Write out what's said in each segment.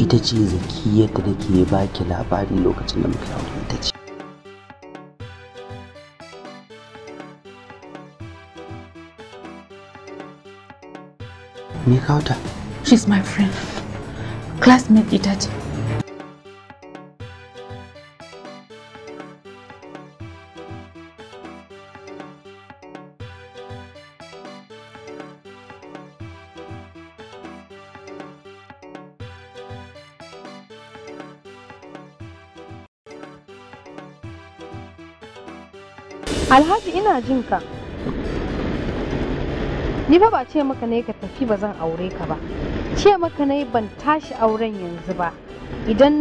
ita ce zaki yadda nake baki labari lokacin da muka aure ita ce me kawo she's my friend classmate ita ce Alhaji ina jin ka. Ni fa ba ce maka ne ka tafi ba zan aure ka ba. Ce maka ne ban tashi auren yanzu ba. Idan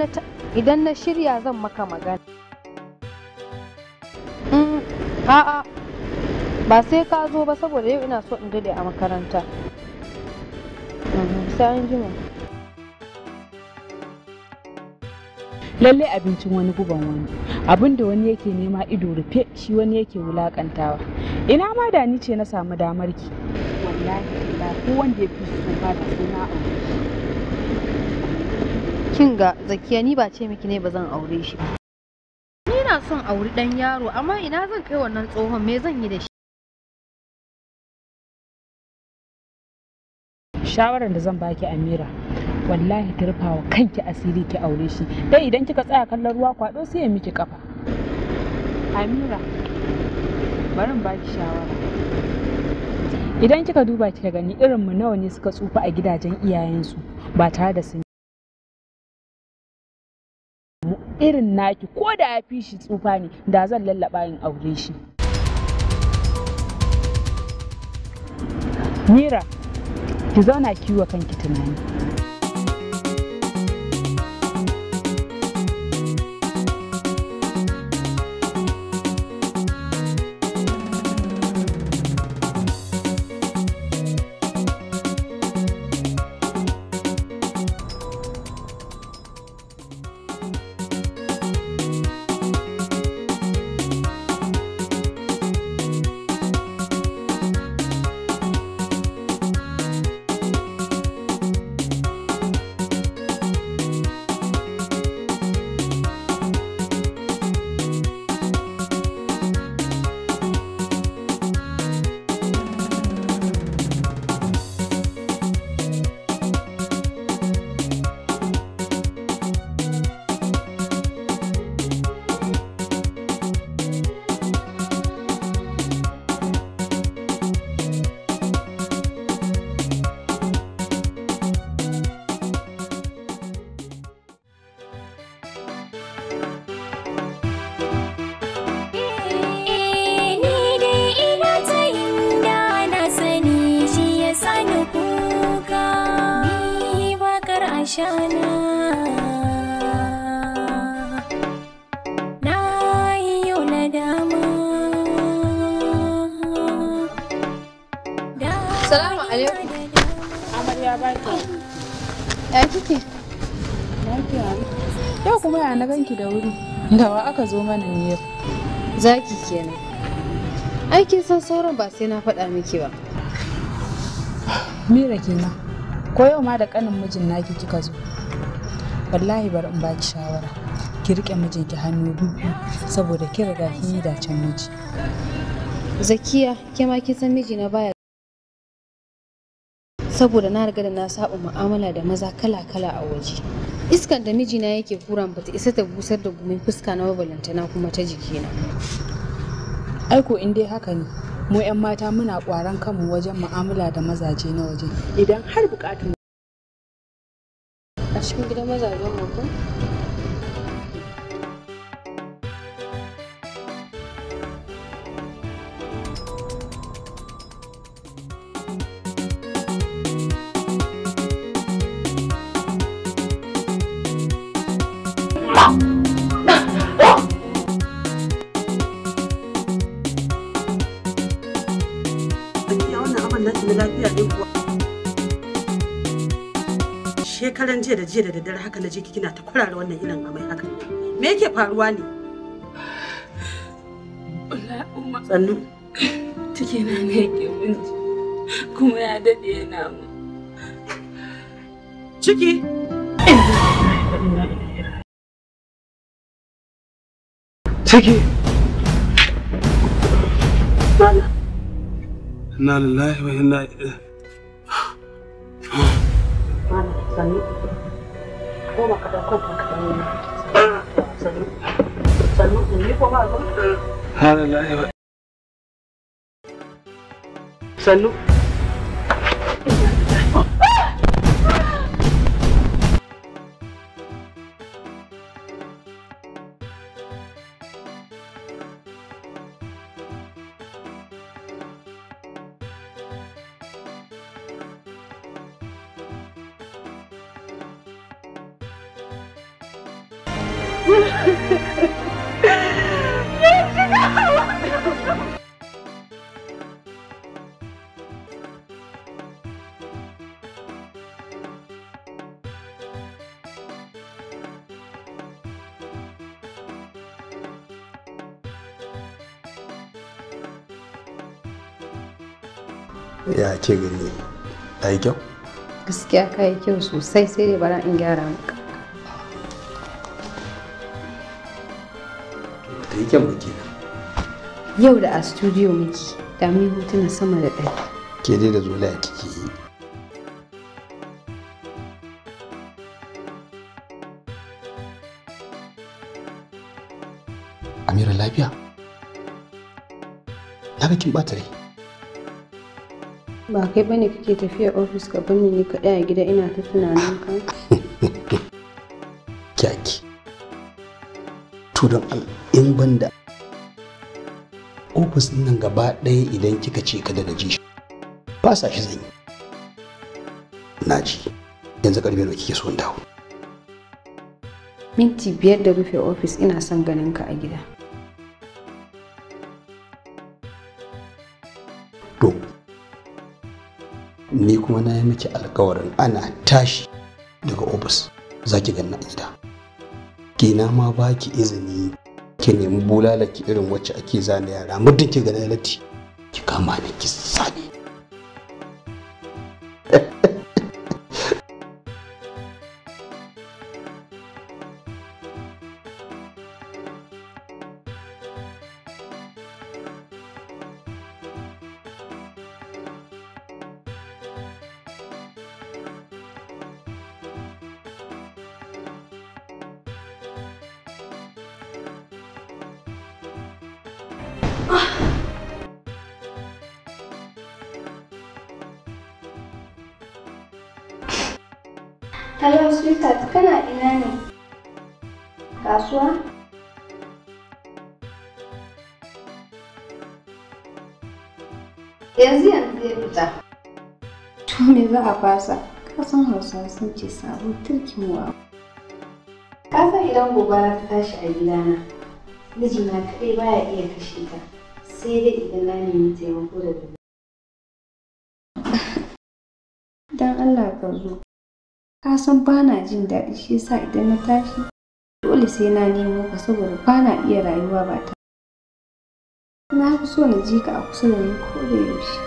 na shirya zan maka magana. Mm, a'a ba sai ka zo ba saboda yau ina so in dade a makaranta. Mm, sai an jima. lalle abincin wani guban wani abin da wani yake nema ido rufe shi wani yake wulakantawa ina ma da ni ce na samu damar ki wallahi ba ko wanda ya ba da kin ga zakiya ni ba ce miki ne ba zan aure shi ba ni na son auri dan yaro amma ina zan kai wannan tsohon me zan yi da shi shawarar da zan baki amira wallahi ki rufa wa kanki asiri ki aure shi dai idan kika tsaya kallon ruwa kwado sai ya miki kafa amira bari in baki shawara idan kika duba kika gani irin mu nawa ne suka tsufa a gidajen iyayensu ba tare da sun irin naki ko da ya fi shi tsufa ne da zan lallaba in aure shi mira ki zauna kiwo kanki tunani shana na yi yau na dama salamu alaikum amarya baki ya kike yau kuma ya na ganki da wuri da aka zo mana ne yau zaki kenan aikin san sauran ba sai na faɗa miki ba mira kenan ko yau ma da kanin mijin naki kika zo wallahi bari in ba ki shawara ki rike mijinki hannu dubu, saboda ki riga kin yi dacen miji zakiya ke ma kin san mijina baya saboda na riga da na saba mu'amala da maza kala-kala a waje iskan da mijina yake kura ta isa ta busar da gumin fuska na na kuma ta na. aiko in dai haka ne mu 'yan mata muna ƙwaran kanmu wajen mu'amala da mazaje na waje idan har bukatun a cikin gidan mazajen mu Hannatu na lafiya ne kuwa. Shekaran jiya da jiya da daddare haka na je kina ta kurara wannan irin amai haka. Me yake faruwa ne? Sannu. take na ne yake binci kuma ya daɗe yana mu. Ciki? Ciki? Mama. inna lillahi wa inna ilaihi sani ko ba ka da kwanta ka sani sannu ni ko ba ba sannu ce gani ta yi kyau? gaskiya ka yi kyau sosai sai dai bara in gyara maka ta kyau muke yau da a studio muke da mun hotuna sama da dai ke dai da zuwa kike yi Amira lafiya? Lafiya kin ɓata rai. Ba kai bane kake tafiya ofis ka bane ni kaɗai a gida ina ta tunanin ka. Kyaki. To don in ban da ofis nan gaba ɗaya idan kika ce ka daga ji shi. sa shi zan yi. Na ji. Yanzu karfe nawa kike so in dawo. Minti biyar da rufe ofis ina son ganin ka a gida. ni kuma na yi miki alkawarin ana tashi daga ofis za ki ganna gida kina ma ba ki izini ki nemi bulala ki irin wacce ake zane yara muddin ki ga lati ki kama ni ki sani Hello sweetheart, kana ina ne? Kasuwa? Yanzu yanzu ya fita. To me za a fasa? Kasan Hausawa sun ce sabo turkin wa. Ka san idan gobara ta tashi a gida gidana, mijina kaɗai baya iya kashe ta, sai dai idan na nemi taimako daga san ba na jin daɗi shi yasa idan na tashi dole sai na nemo ka saboda ba na iya rayuwa ba ta na fi so na ji ka a kusa da ni ko da yaushe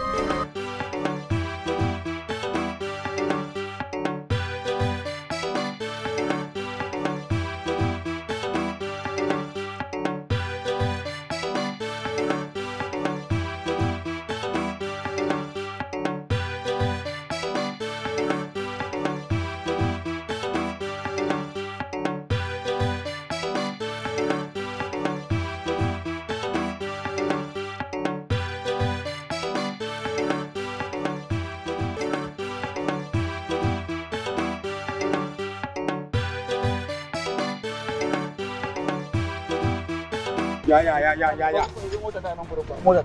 ya ya ya ya ya ya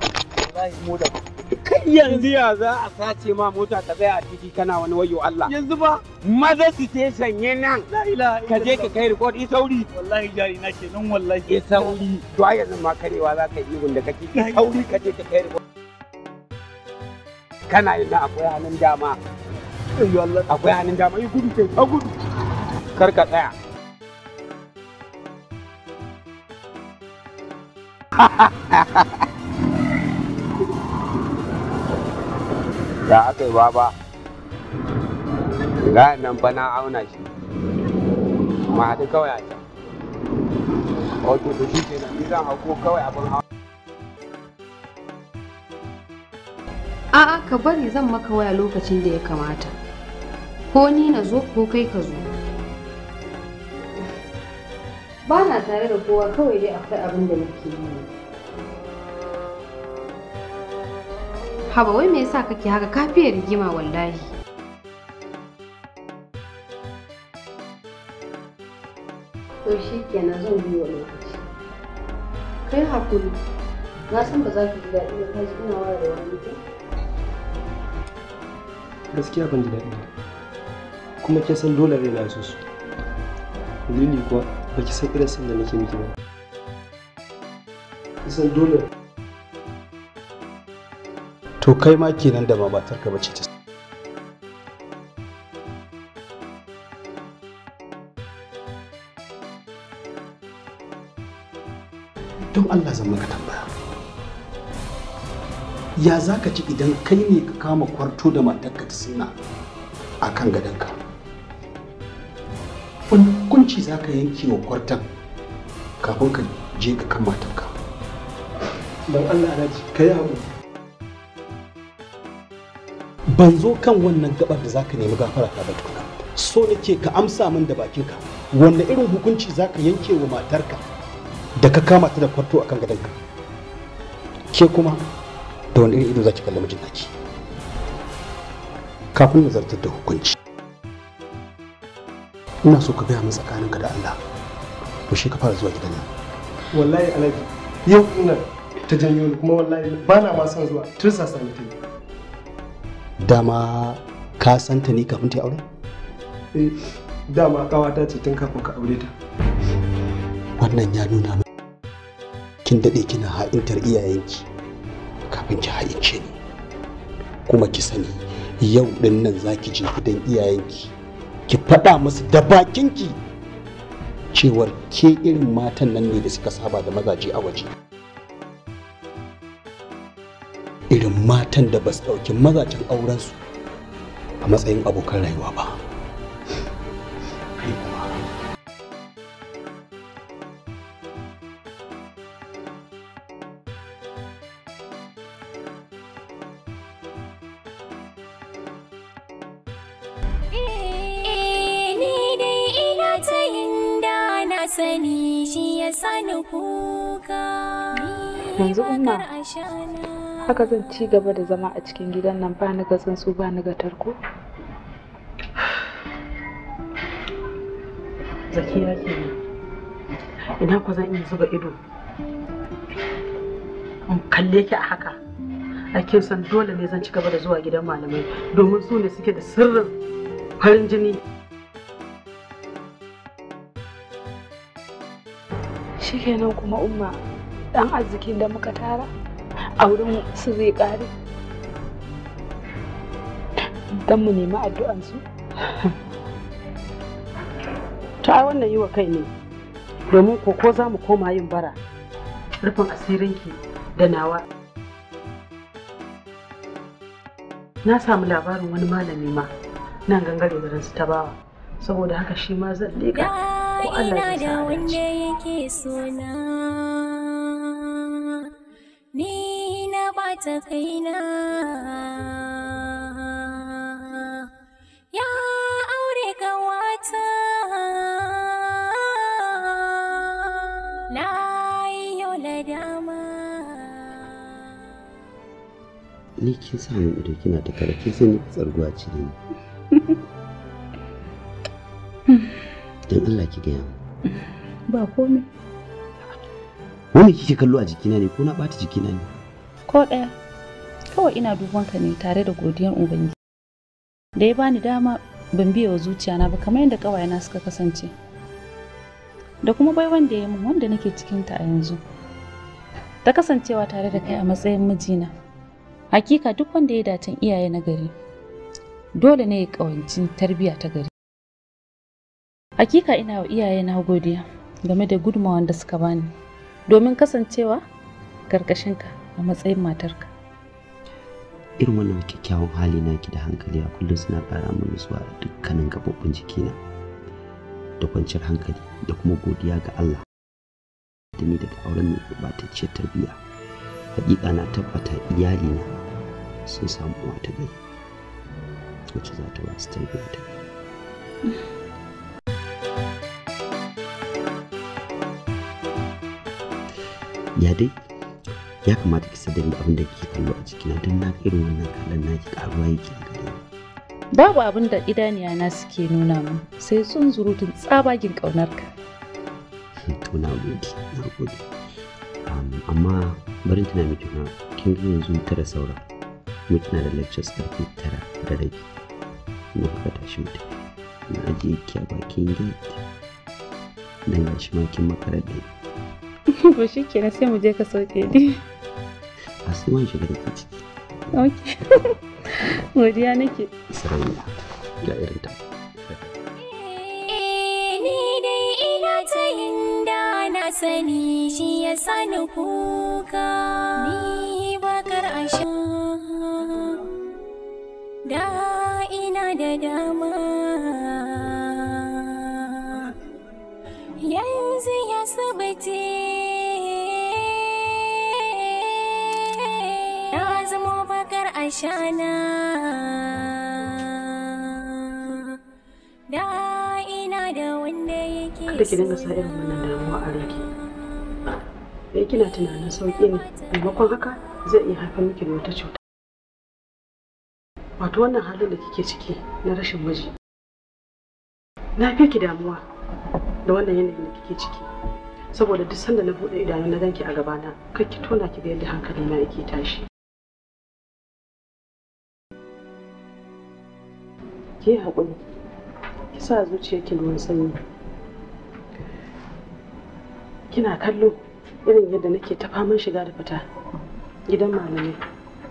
kai yanzu ya za a sace ma mota ka tsaya a titi kana wani wayo Allah yanzu ba maza su ce sanye nan ka je ka kai record i sauri wallahi jari na ke nan wallahi i sauri to a yanzu ma karewa za ka yi kake i sauri ka je ka kai record kana yin akwai hannun dama akwai hannun dama yi gudu kai gudu kar ka tsaya ya aka yi baba ga nan ba na auna shi ma haɗu kawai a can wato to shi ke nan zan hako kawai abin hawa a'a ka bari zan maka waya lokacin da ya kamata ko ni na zo ko kai ka zo ba na tare da kowa kawai dai akwai abin da nake yi haba wai me yasa kake haka ka fiye rigima wallahi to shi kenan zan biyo lokaci kai hakuri na san ba za ka ji daɗi ba ka ji ina wara da wani mutum gaskiya ban ji daɗi kuma kin san dole raina su su dalili kuwa Baki ki san irin san nake miki ba Kisan dole to kai ma kenan da ba matarka bace ta don Allah zan maka tambaya ya zaka ci idan kai ne ka kama kwarto da matarka ta sunna a kan gadonka hukunci za ka yanke wa kwartan kafin ka je ka kan matarka Ban allah alhaji ka yi abu ban zo kan wannan gabar da za ka nemi gafara ka ba so nake ka amsa min da bakinka wanda irin hukunci za ka yanke wa matarka da ka kama ta da kwarto akan gadonka ke kuma da wani irin ido za ki kalli mijin naki kafin nazartar da hukunci ina so ka gaya min tsakaninka da Allah to shi ka fara zuwa gidan nan wallahi alaji yau ina ta janyo kuma wallahi ba na ma son zuwa tursa sami ta dama ka ta ni kafin ta aure eh, dama kawata ce tun kafin ka aure ta wannan ya nuna min kin dade kina ha'intar iyayenki kafin ki ha'ince ni kuma ki sani yau din nan zaki je gidan iyayenki ki faɗa musu da bakin ki cewar ke irin matan nan ne da suka saba da mazaje a waje irin matan da ba su ɗauki mazajen aurensu a matsayin abokan rayuwa ba. sani yanzu umma haka zan ci gaba da zama a cikin gidan nan ba ni ga tsuntsu ba ni ga tarko zakiya ke ina ku zan iya zuba ido in kalle ki a haka a san dole ne zan ci gaba da zuwa gidan malamai domin su ne suke da sirrin farin jini kenan kuma umma dan arzikin da muka tara a wurin su zai kare dan mu nemi addu'an su to ai wannan yi wa kai ne domin ko ko za mu koma yin bara rufin asirinki da nawa na samu labarin wani malami ma nan gangare da su ta bawa saboda haka shi ma zan leƙa ko Allah da wanda yake sona ni na bata kaina ya aure kawata na yi da dama ni kin sa ni ido kina ta kare kin sai tsarguwa ce ne don Allah ki gaya ba komai wani kike kallo a jikina ne ko na ɓata jikina ne ko ɗaya kawai ina duban ka ne tare da godiyar ubangi. da ya bani dama ban biya wa zuciya na ba kamar yadda na suka kasance da kuma bai wanda ya min wanda nake cikin ta a yanzu ta kasancewa tare da kai a matsayin mijina hakika duk wanda ya dacin iyaye na gari dole ne ya kawanci tarbiyya ta gari hakika ina wa iyaye na godiya game da gudunmawar da suka bani domin kasancewa karkashinka a matsayin matarka irin wannan kyakkyawan hali na ki da hankali a kullum suna ƙara min nutsuwa a dukkanin gaɓoɓin jikina da kwanciyar hankali da kuma godiya ga Allah da ni daga auren mai gurɓatacciyar tarbiyya hakika na tabbata iyalina sun samu wata gari wacce za ta wasu tarbiyya ta ya ya kamata ki sadari abin da kike kallo a cikina, don na irin wannan kallon naki karuwa yake a gare ni babu abin da idaniya na suke nuna mu, sai sun zurutun tsabagin ƙaunarka to na gode na gode amma bari tana miki na kin ga yanzu tara saura mu kina da lectures karfe tara da rabi mu ka tashi mu na aji ki a bakin gate dan gashi ma kin makarar da ni ba shi ke na sai mu je ka sauke ni a sai man shiga da ciki ok godiya nake sarayya ga irin ta sani shi ya sani kuka ni bakar ashin da ina da dama shana da ina da wanda yake kada ki dinga sa irin wannan damuwa a ranki da kina tunanin sauki ne maimakon haka zai iya haifar miki da wata cuta wato wannan halin da kike ciki na rashin miji na fi ki damuwa da wannan yanayin da kike ciki saboda duk sanda na bude idanu na danki a gabana kar ki tona ki ga yadda hankali na yake tashi ki haƙuri ki sa zuciyarki ruwan sanyi kina kallo irin yadda nake ta faman shiga da fita gidan malamai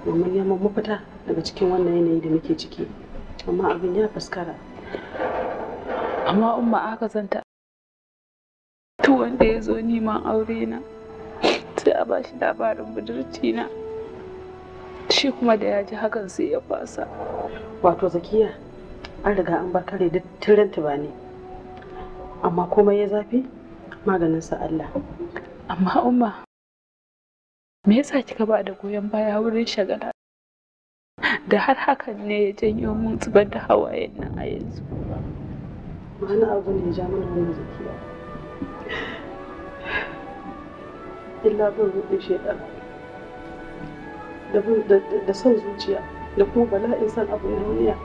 domin neman mafita daga cikin wannan yanayi da nake ciki amma abin ya faskara amma umma aka zanta duk wanda ya zo neman aure na sai a bashi labarin budurci na shi kuma da ya ji hakan sai ya fasa wato zakiya an riga an kare duk ta bani. amma komai ya zafi maganin sa Allah amma umma me yasa kika ba da goyon baya wurin shagala da har hakan ne ya janyo mun zubar da hawayen nan a yanzu wani abu ne ja mana wani zakiya illa bin rudin shaidan da son zuciya da kuma bala'in san na duniya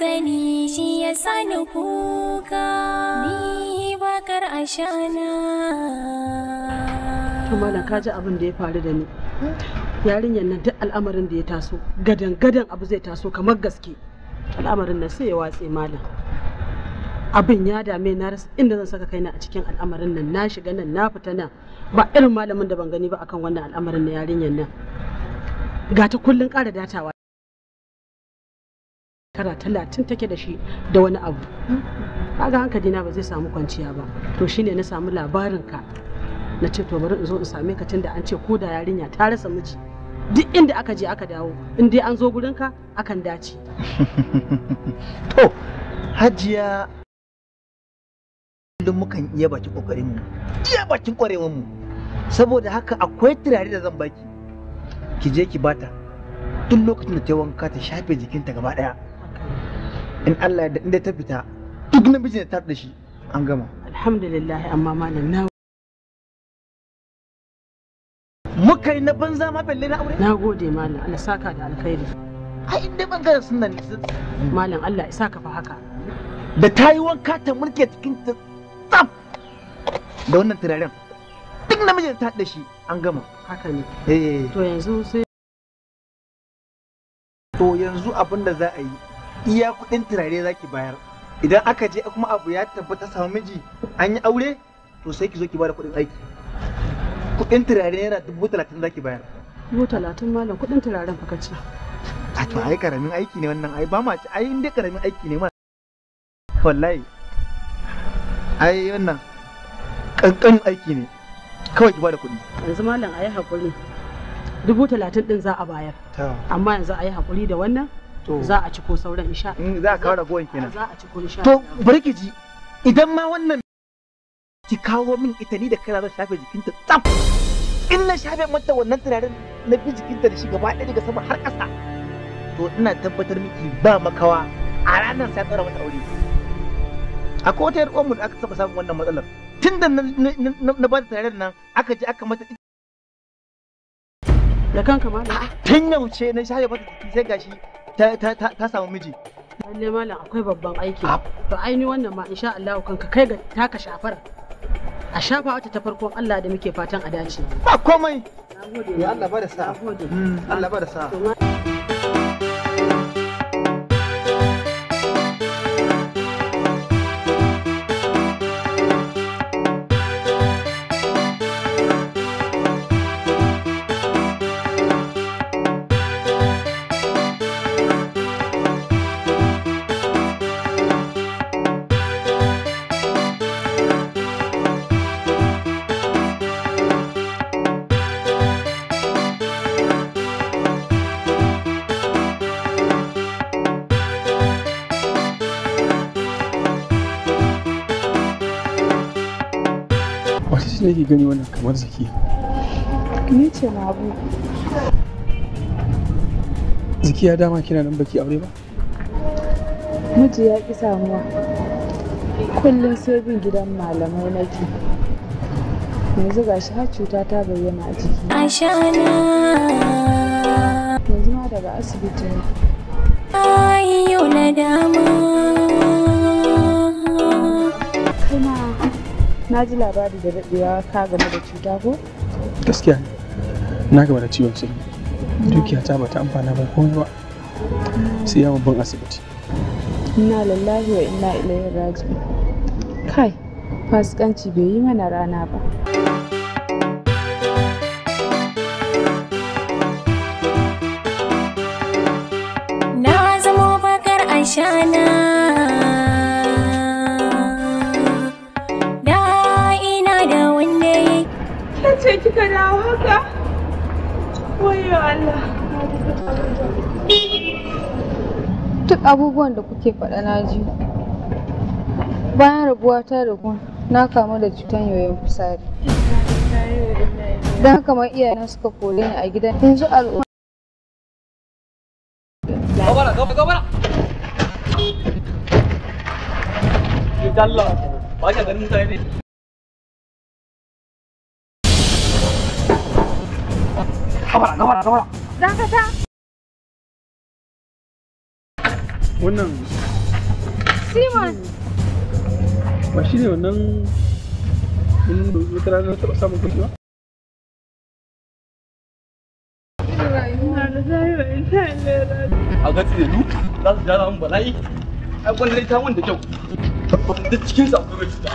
sani shi ya sani kuka ni bakar ashana to malam ka ji abin da ya faru da ni yarinyar nan duk al'amarin da ya taso gadan gadan abu zai taso kamar gaske al'amarin nan sai ya watse malam abin ya dame na rasa inda zan saka kaina a cikin al'amarin nan na shiga nan na fita nan ba irin malamin da ban gani ba akan wannan al'amarin na yarinyar nan ga ta kullun ƙara datawa shekara talatin take da shi da wani abu kaga hankali na ba zai samu kwanciya ba to shine na samu labarin ka na ce to bari in zo in same ka tunda an ce ko da yarinya ta rasa miji duk inda aka je aka dawo in dai an zo gurin ka akan dace to hajiya kullum mukan iya bakin kokarin mu iya bakin kwarewar mu saboda haka akwai turare da zan baki ki je ki bata duk lokacin da ta wanka ta shafe jikinta gaba daya in Allah ya inda ta fita duk namijin da ta da shi an gama alhamdulillah amma malam na muka yi na banza ma balle na aure na gode malam Allah saka da alkhairi ai inda bangaren sunan malam Allah ya saka fa haka da ta yi wanka ta mulke cikin ta tsaf da wannan turaren duk namijin ta da shi an gama haka ne eh. to yanzu sai to yanzu abinda za a yi iya kuɗin turare za ki bayar idan aka je kuma abu ya tabbata samu miji an yi aure to sai ki zo ki bada kuɗin aiki kuɗin turare yana dubu talatin za ki bayar dubu talatin malam kuɗin turaren fa kace a to ai karamin aiki ne wannan ai ba ma ci ai inda karamin aiki ne ma wallahi ai wannan kankan aiki ne kawai ki bada kuɗi yanzu malam ayi hakuri dubu talatin din za a bayar amma yanzu ayi hakuri da wannan za a ci ko sauran insha mm, za a kawo ragowar kenan za a ci ko insha to bari ji idan ma wannan ki kawo min ita ni da kana zan shafe jikinta tsaf in na shafe mata wannan turaren na bi jikinta da shi gaba ɗaya daga sama har ƙasa to ina tabbatar miki ba makawa a ranar sai tsara mata aure akwai wata yar uwanmu da aka taɓa samun wannan matsalar tun da na ba da turaren nan aka ji aka mata da kanka ma tun yauce na shafe mata jiki sai gashi ta samu miji lalle malam akwai babban aiki ah. to aini wannan ma insha Allah kanka kai ga taka shafar a shafa wata ta farkon Allah da muke fatan a dace ba komai ya Allah ba da sa'a hmm, Allah ba da sa'a sai ki gani wannan kamar zaki ni ce na abu ya dama kina nan baki aure ba miji ya ki samuwa kullum sai bin gidan malamai nake yanzu ga shi har cuta ta bayyana a jiki yanzu ma daga asibiti ne ayyo na dama na ji labari da daɗewa ka game da cuta ko gaskiya na gaba da ciwon sai dukiya ta bata amfana ba komai ba sai ya babban asibiti ina lallahi wa inna ilaihi raji kai fasikanci bai yi mana rana ba na zamo bakar aishana. kika dawo haka wayo Allah duk abubuwan da kuke faɗa na ji bayan ta da ku na kamu da cutan yoyon fusari don kamar iyayen iyayena suka kore ni a gidan yanzu al'umma gobara gobara gobara gabara gabara gabara dakata wannan simon ba shi ne wannan wata rana taɓa samun kuɗi ba a ga tsirenu za su jara min bala'i ai kwallon ta wanda kyau duk cikin sa akwai mai cuta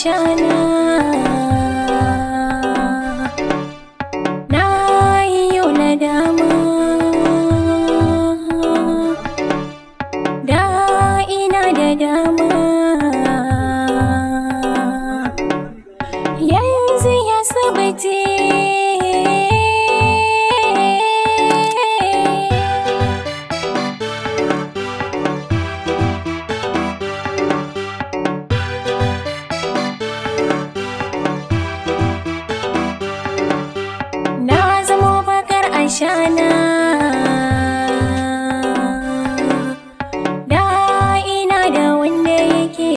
shana